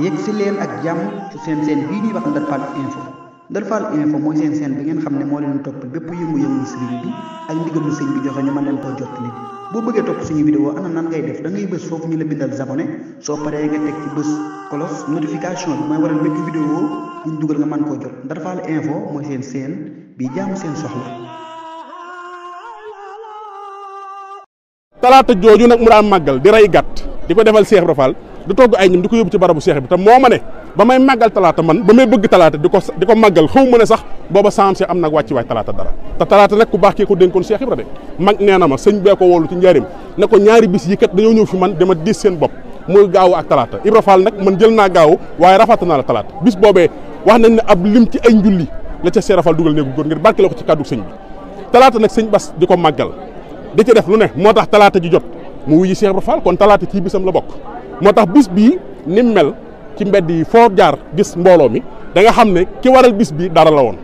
yegg si leen ak jàmm ci seen seen bii ñuy wax Ndar Fall info Ndar Fall info mooy seen seen bi ngeen xam ne moo leen toppal bépp yëngu-yëngu sëriñ bi ak ndigal sëñ bi joxe ñu mën leen koo jot nit boo bëggee topp suñu vidéo ana nan ngay def da ngay bës foofu ñu la bindal abonné soo paree nga teg ci bës kolos notification bi mooy waral bépp vidéo bu ñu dugal nga mën koo jot Ndar Fall info mooy seen seen bi jaamu seen soxla. talaata jooju nag mu daan màggal di ray gàtt di ko defal Cheikh rofal du togg ay ñam di ko yóbbu ci barabu seex bi tam moo ma ne ba may màggal talaata man ba may bëgg talaata di ko di ko màggal xaw ma ne sax booba saam am nag wàcci waay talaata dara te talaata nag ku baax kii ko dénkoon Seex Ibra de mag nee na ma sëñ bee ko woolu ci njaarim ne ko ñaari bis yi kat dañoo ñëw fi man dama diis seen bopp muy gaaw ak talaata Ibra Fall nag man jël naa gaaw waaye rafata naa la talaata bis boobee wax nañ ne ab lim ci ay njulli la ca Seex Ibra Fall dugal néegu góor ngir barke la ko ci kàddu sëñ bi talaata nag sëñ Bas di ko màggal di ci def lu ne moo tax talaata ji jot mu wuyu Seex Ibra kon talaata ci bisam la bokk moo tax bis bii ni mu mel ci mbedd yi foo jaar gis mbooloo mi da nga xam ne ki waral bis bii dara la woon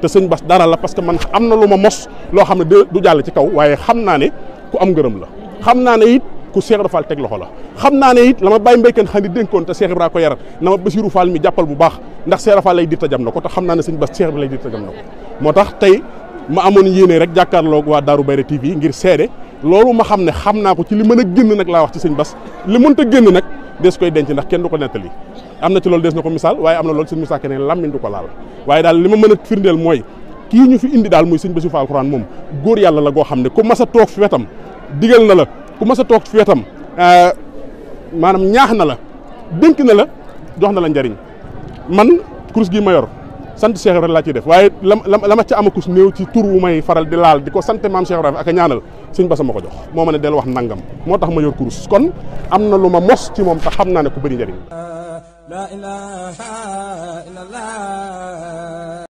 te sëñ Bass dara la parce que man am na lu ma mos loo xam ne du jàll ci kaw waaye xam naa ne ku am ngërëm la xam naa ne it ku Cheikh Ibra Fall teg loxo la xam naa ne it la ma bàyyi mbéykan xam ni dénkoon te Cheikh Ibra ko yarat na ma Bassirou Fall mi jàppal bu baax ndax Cheikh Ibra Fall lay dir jam na ko te xam naa ne sëñ Bass Cheikh bi lay dir jam na ko moo tax tey ma amoon yéene rek jàkkaarloog waa Darou Bayré TV ngir seede loolu ma xam ne xam naa ko ci li mën a génn nag laa wax ci sëñ Bass li mënta génn nag dees koy denc ndax kenn du ko nettali am na ci lool dees na ko misaal waaye am na loolu sëñ Moussa Kane làmmiñ du ko laal waaye daal li ma mën a firndeel mooy kii ñu fi indi daal muy sëñ Bassirou Fall Alxuraan moom góor yàlla la goo xam ne ku mas a toog fi wetam digal na la ku mas a toog fi wetam euh, maanaam ñaax na la dénk na la jox na la njariñ man kurus gi ma yor sant Cheikh laa ciy def waaye la la ca amakus néew ci tur wu may faral di laal di ko sant maam Cheikh Ibrahima ak ñaanal sëñ Basa ma ko jox moo ma ne dellu wax nangam moo tax ma yor kurus kon am na lu ma mos ci moom te xam naa ne ku bëri njëriñ la